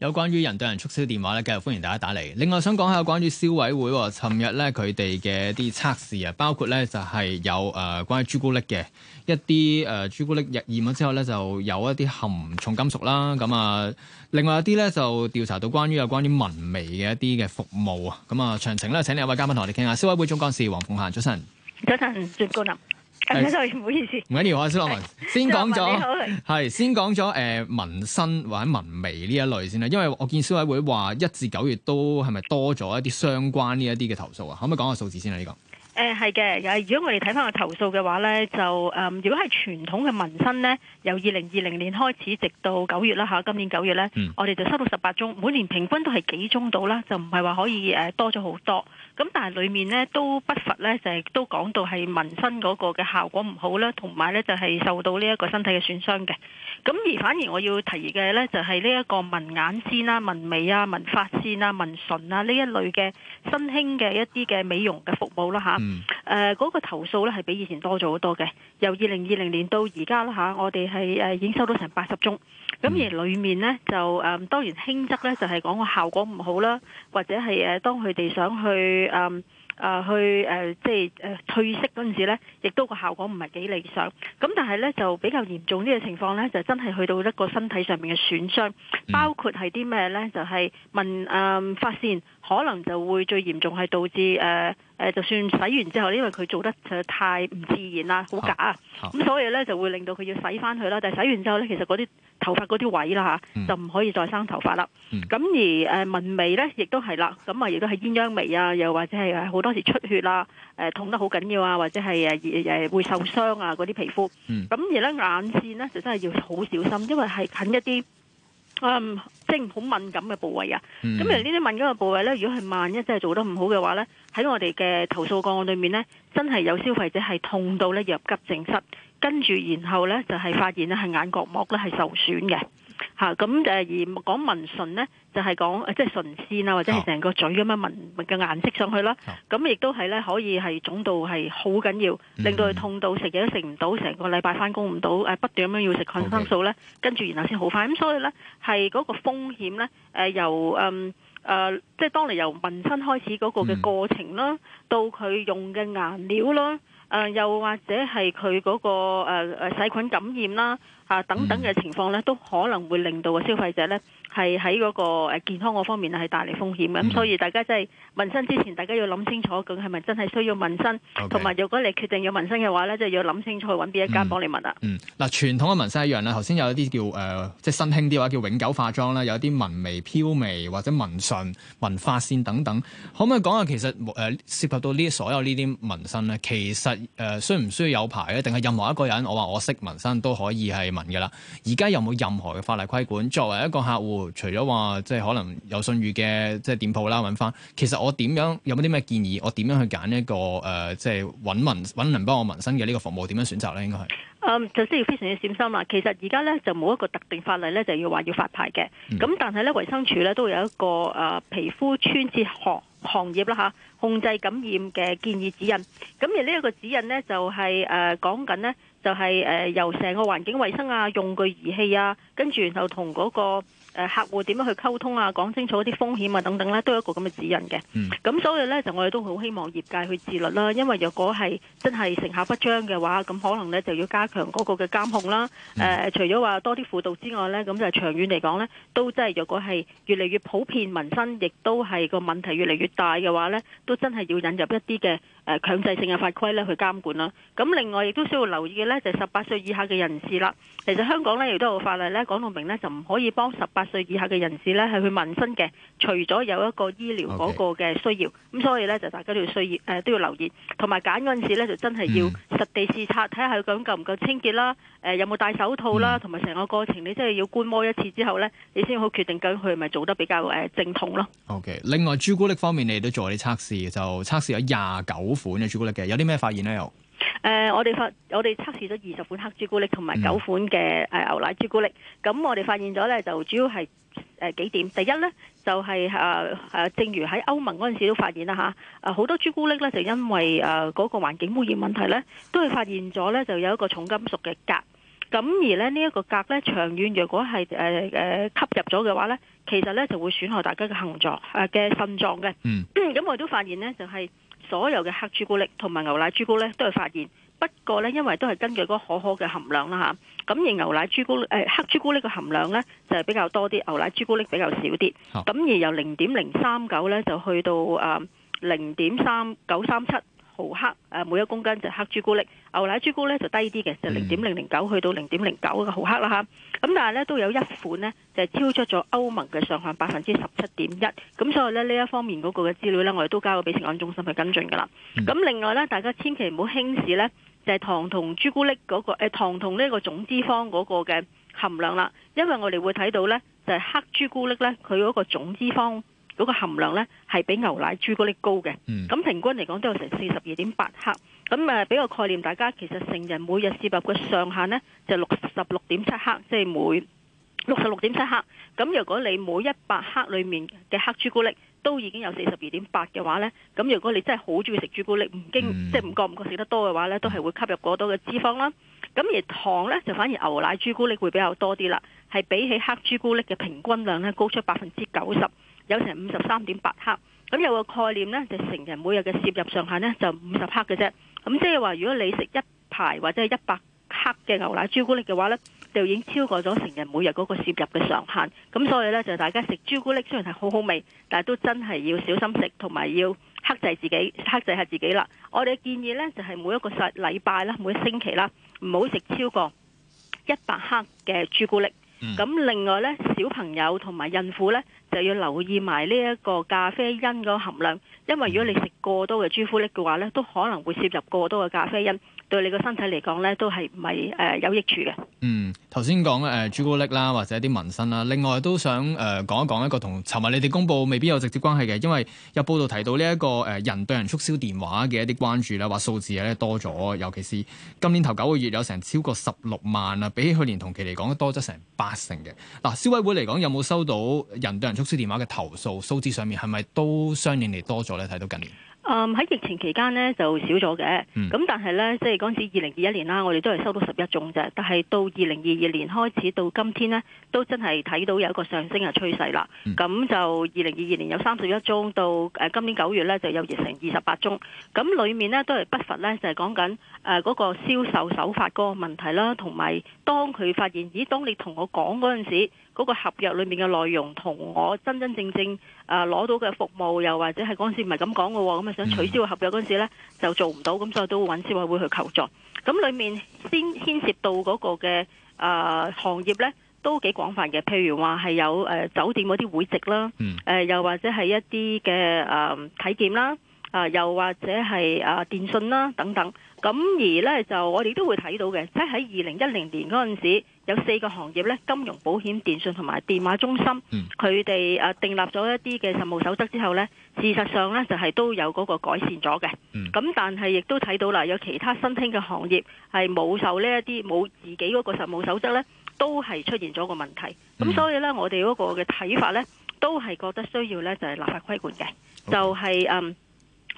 有關於人對人促銷電話咧，繼續歡迎大家打嚟。另外，想講下關於消委會尋日咧佢哋嘅一啲測試啊，包括咧就係有誒關於朱古力嘅一啲誒朱古力驗驗咗之後咧，就有一啲含重金屬啦。咁啊，另外一啲咧就調查到關於有關於紋眉嘅一啲嘅服務啊。咁啊，詳情咧請兩位嘉賓同我哋傾下。消委會總幹事黃鳳嫺早，早晨，早晨，朱高林。唔好意思。唔緊要，先生，先講咗，係先講咗誒民生或者紋眉呢一類先啦。因為我見消委會話一至九月都係咪多咗一啲相關呢一啲嘅投訴啊？可唔可以講下數字先啊？呢個？誒，係嘅。如果我哋睇翻個投訴嘅話呢，就誒、嗯，如果係傳統嘅紋身呢，由二零二零年開始，直到九月啦吓，今年九月呢，我哋就收到十八宗，每年平均都係幾宗到啦，就唔係話可以誒多咗好多。咁但係裏面呢，都不乏呢，就係都講到係紋身嗰個嘅效果唔好啦，同埋呢就係受到呢一個身體嘅損傷嘅。咁而反而我要提嘅呢，就係呢一個紋眼線啊、紋眉啊、紋髮線啊、紋唇啊呢一類嘅新興嘅一啲嘅美容嘅服務啦嚇。嗰、嗯呃嗰個投訴呢，係比以前多咗好多嘅，由二零二零年到而家啦嚇，我哋係誒已經收到成八十宗。咁、嗯、而裏面呢，就誒、呃、當然輕則呢，就係講個效果唔好啦，或者係誒、呃、當佢哋想去誒。呃啊、呃，去誒、呃，即係誒，褪色嗰陣時咧，亦都個效果唔係幾理想。咁但係咧，就比較嚴重啲嘅情況咧，就真係去到一個身體上面嘅損傷，包括係啲咩咧？就係、是、問誒、呃，發現可能就會最嚴重係導致誒、呃、就算洗完之後，因為佢做得就太唔自然啦，好假，咁所以咧就會令到佢要洗翻佢啦。但係洗完之後咧，其實嗰啲。頭髮嗰啲位啦嚇，就唔可以再生頭髮啦。咁、嗯、而誒紋眉咧，亦都係啦。咁啊，亦都係鴛鴦眉啊，又或者係好多時出血啦，痛得好緊要啊，或者係誒會受傷啊嗰啲皮膚。咁、嗯、而咧眼線咧，就真係要好小心，因為係近一啲，嗯，即係好敏感嘅部位啊。咁、嗯、而呢啲敏感嘅部位咧，如果係萬一真係做得唔好嘅話咧，喺我哋嘅投訴個案裏面咧，真係有消費者係痛到咧入急症室。跟住，然後咧就係發現咧係眼角膜咧係受損嘅吓，咁誒而講紋唇咧就係講誒即係唇線啊，或者係成個嘴咁樣紋嘅顏色上去啦，咁亦都係咧可以係腫到係好緊要，令到佢痛到食嘢都食唔到，成個禮拜返工唔到，誒不斷咁樣要食抗生素咧，跟住然後先好快，咁所以咧係嗰個風險咧誒由嗯。誒、呃，即係當你由紋身開始嗰個嘅過程啦，到佢用嘅顏料啦，誒、呃，又或者係佢嗰個誒誒、呃，細菌感染啦。啊，等等嘅情況咧，都可能會令到個消費者咧係喺嗰個健康嗰方面係帶嚟風險嘅。咁所以大家即係紋身之前，大家要諗清楚，咁係咪真係需要紋身？同埋，如果你決定要紋身嘅話咧，就要諗清楚揾邊一家幫你紋啊、嗯。嗱、嗯嗯啊，傳統嘅紋身一樣啦。頭先有一啲叫誒、呃，即係新興啲話叫永久化妝啦，有一啲紋眉、飄眉或者紋唇、紋髮線等等。可唔可以講下其實誒、呃、涉及到呢啲所有呢啲紋身咧，其實誒需唔需要有牌咧？定係任何一個人？我話我識紋身都可以係？嘅啦，而家有冇任何嘅法例規管？作為一個客戶，除咗話即係可能有信譽嘅即係店鋪啦，揾翻，其實我點樣有冇啲咩建議？我點樣去揀一個誒、呃，即係揾民揾人幫我紋身嘅呢個服務點樣選擇咧？應該係誒，就需、是、要非常之小心啦。其實而家咧就冇一個特定法例咧就要話要發牌嘅，咁、嗯、但係咧衞生署咧都會有一個誒皮膚穿刺行行業啦嚇控制感染嘅建議指引，咁而呢一個指引咧就係誒講緊咧。就係、是、誒、呃，由成個環境衛生啊、用具儀器啊，跟住然後同嗰個誒客戶點樣去溝通啊，講清楚啲風險啊等等咧、啊，都有一個咁嘅指引嘅。咁、mm. 嗯、所以咧，就我哋都好希望業界去自律啦。因為若果係真係成效不彰嘅話，咁可能咧就要加強嗰個嘅監控啦。誒、mm. 呃，除咗話多啲輔導之外咧，咁就長遠嚟講咧，都真係若果係越嚟越普遍，民生亦都係個問題越嚟越大嘅話咧，都真係要引入一啲嘅。誒強制性嘅法規咧去監管啦，咁另外亦都需要留意嘅呢，就係十八歲以下嘅人士啦。其實香港呢，亦都有法例呢講到明呢，就唔可以幫十八歲以下嘅人士呢係去紋身嘅，除咗有一個醫療嗰個嘅需要。咁 Okay. 所以呢，就大家都要需要誒、呃、都要留意，同埋揀嗰陣時咧就真係要實地視察，睇下佢咁夠唔夠清潔啦，誒、呃、有冇戴手套啦，同埋成個過程你真係要觀摩一次之後呢，你先好決定究竟佢係咪做得比較誒正統咯。OK，另外朱古力方面你都做啲測試，就測試咗廿九，呃、款嘅朱古力嘅，有啲咩發現呢？有誒，我哋發我哋測試咗二十款黑朱古力同埋九款嘅誒牛奶朱古力，咁我哋發現咗呢，就主要係誒幾點。第一呢，就係誒誒，正如喺歐盟嗰陣時都發現啦吓，誒好多朱古力呢，就因為誒嗰個環境污染問題呢，都係發現咗呢，就有一個重金屬嘅鎘。咁而呢，呢一個鎘咧，長遠若果係誒誒吸入咗嘅話呢，其實呢，就會損害大家嘅行狀誒嘅腎臟嘅。咁、呃嗯、我哋都發現呢、就是，就係。所有嘅黑朱古力同埋牛奶朱古力都係發現，不過呢，因為都係根據嗰個可可嘅含量啦吓，咁，而牛奶朱古力，呃、黑朱古力嘅含量呢，就係比較多啲，牛奶朱古力比較少啲，咁而由零點零三九呢，就去到誒零點三九三七。呃毫克、呃，每一公斤就黑朱古力，牛奶朱古力就低啲嘅，就零點零零九去到零點零九個毫克啦嚇。咁、嗯、但係咧都有一款呢，就是、超出咗歐盟嘅上限百分之十七點一。咁所以咧呢一方面嗰個嘅資料呢，我哋都交咗俾食安中心去跟進㗎啦。咁、嗯、另外呢，大家千祈唔好輕視呢，就係、是、糖同朱古力嗰、那個、欸、糖同呢個總脂肪嗰個嘅含量啦，因為我哋會睇到呢，就係、是、黑朱古力呢，佢嗰個總脂肪。嗰個含量呢，係比牛奶朱古力高嘅，咁平均嚟講都有成四十二點八克。咁誒，俾個概念大家，其實成人每日攝入嘅上限呢，就六十六點七克，即係每六十六點七克。咁如果你每一百克裏面嘅黑朱古力都已經有四十二點八嘅話呢，咁如果你真係好中意食朱古力，唔驚即係唔覺唔覺食得多嘅話呢，都係會吸入過多嘅脂肪啦。咁而糖呢，就反而牛奶朱古力會比較多啲啦，係比起黑朱古力嘅平均量呢，高出百分之九十。有成五十三點八克，咁有個概念呢，就成人每日嘅攝入上限呢，就五十克嘅啫。咁即係話，如果你食一排或者係一百克嘅牛奶朱古力嘅話呢，就已經超過咗成人每日嗰個攝入嘅上限。咁所以呢，就大家食朱古力雖然係好好味，但係都真係要小心食，同埋要克制自己、克制下自己啦。我哋建議呢，就係每一個禮拜啦、每星期啦，唔好食超過一百克嘅朱古力。咁、嗯、另外咧，小朋友同埋孕婦咧，就要留意埋呢一個咖啡因個含量，因為如果你食過多嘅朱古力嘅話咧，都可能會攝入過多嘅咖啡因。對你個身體嚟講咧，都係唔係誒有益處嘅？嗯，頭先講誒朱古力啦，或者啲紋身啦。另外都想誒、呃、講一講一個同尋日你哋公佈未必有直接關係嘅，因為有報道提到呢、這、一個誒、呃、人對人促銷電話嘅一啲關注咧，話數字咧多咗，尤其是今年頭九個月有成超過十六萬啊，比起去年同期嚟講多咗成八成嘅。嗱，消委會嚟講有冇收到人對人促銷電話嘅投訴，數字上面係咪都相應嚟多咗咧？睇到近年。喺、嗯、疫情期間呢，就少咗嘅，咁、嗯、但係呢，即係嗰陣時二零二一年啦，我哋都係收到十一宗啫。但係到二零二二年開始到今天呢，都真係睇到有一個上升嘅趨勢啦。咁、嗯、就二零二二年有三十一宗，到今年九月呢，就有成二十八宗。咁裏面呢，都係不乏呢，就係、是、講緊誒嗰個銷售手法嗰個問題啦，同埋當佢發現，咦？當你同我講嗰陣時，嗰、那個合約裏面嘅內容同我真真正正。誒攞、啊、到嘅服務，又或者係嗰陣時唔係咁講嘅喎，咁啊想取消合約嗰陣時呢就做唔到，咁所以都揾消委會去求助。咁裏面先牽涉到嗰個嘅誒、呃、行業呢，都幾廣泛嘅，譬如話係有誒、呃、酒店嗰啲會籍啦、呃，又或者係一啲嘅誒體檢啦、呃，又或者係啊、呃、電信啦等等。咁而呢，就我哋都會睇到嘅，即係喺二零一零年嗰陣時，有四個行業呢，金融、保險、電信同埋電話中心，佢哋誒訂立咗一啲嘅實務守則之後呢，事實上呢，就係、是、都有嗰個改善咗嘅。咁、嗯、但係亦都睇到啦，有其他新興嘅行業，係冇受呢一啲冇自己嗰個實務守則呢，都係出現咗個問題。咁、嗯、所以呢，我哋嗰個嘅睇法呢，都係覺得需要呢，就係、是、立法規管嘅，的就係、是、嗯。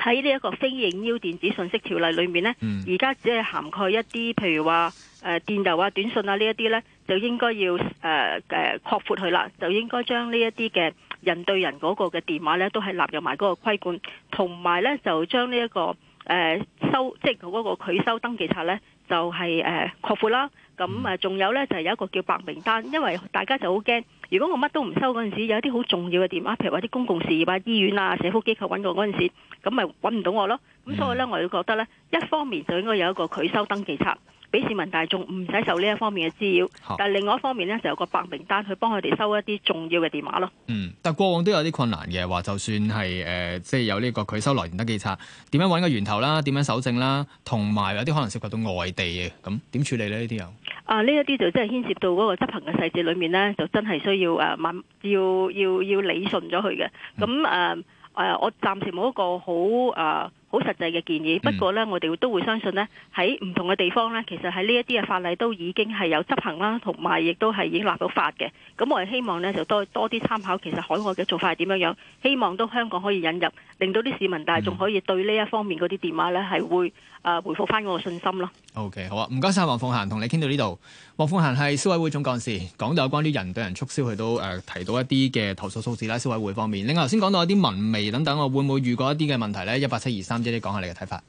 喺呢一個非應邀電子訊息條例裏面呢，而家、嗯、只係涵蓋一啲，譬如話誒、呃、電郵啊、短信啊呢一啲呢，就應該要誒誒擴闊佢啦，就應該將呢一啲嘅人對人嗰個嘅電話呢，都係納入埋嗰個規管，同埋呢，就將呢一個誒、呃、收，即係嗰個拒收登記冊呢，就係誒擴闊啦。咁啊，仲有呢，就係有一個叫白名單，因為大家就好驚。如果我乜都唔收嗰陣時，有一啲好重要嘅電話，譬如話啲公共事業啊、醫院啊、社福機構揾我嗰陣時，咁咪揾唔到我咯。咁所以呢，我就覺得呢一方面就應該有一個拒收登記冊，俾市民大眾唔使受呢一方面嘅滋擾。但係另外一方面呢，就有個白名單去幫佢哋收一啲重要嘅電話咯。嗯，但係過往都有啲困難嘅，話就算係誒，即、呃、係、就是、有呢個拒收來源登記冊，點樣揾個源頭啦？點樣搜證啦？同埋有啲可能涉及到外地嘅，咁點處理呢？呢啲又？啊！呢一啲就真係牽涉到嗰個執行嘅細節裏面咧，就真係需要慢、啊、要要要理順咗佢嘅。咁誒、啊啊、我暫時冇一個好誒，啊好實際嘅建議，不過咧，我哋都會相信咧，喺唔同嘅地方咧，其實喺呢一啲嘅法例都已經係有執行啦，同埋亦都係已經立到法嘅。咁我哋希望咧就多多啲參考，其實海外嘅做法係點樣樣，希望都香港可以引入，令到啲市民大眾可以對呢一方面嗰啲電話咧係會誒回覆翻嗰個信心咯。OK，好啊，唔該晒黃鳳嫺，同你傾到呢度。黃鳳嫺係消委會總幹事，講到有關於人對人促銷，佢都誒提到一啲嘅投訴數字啦，消委會方面。另外頭先講到一啲紋眉等等啊，我會唔會遇過一啲嘅問題咧？一八七二三。嫺姐，說說你講下你嘅睇法。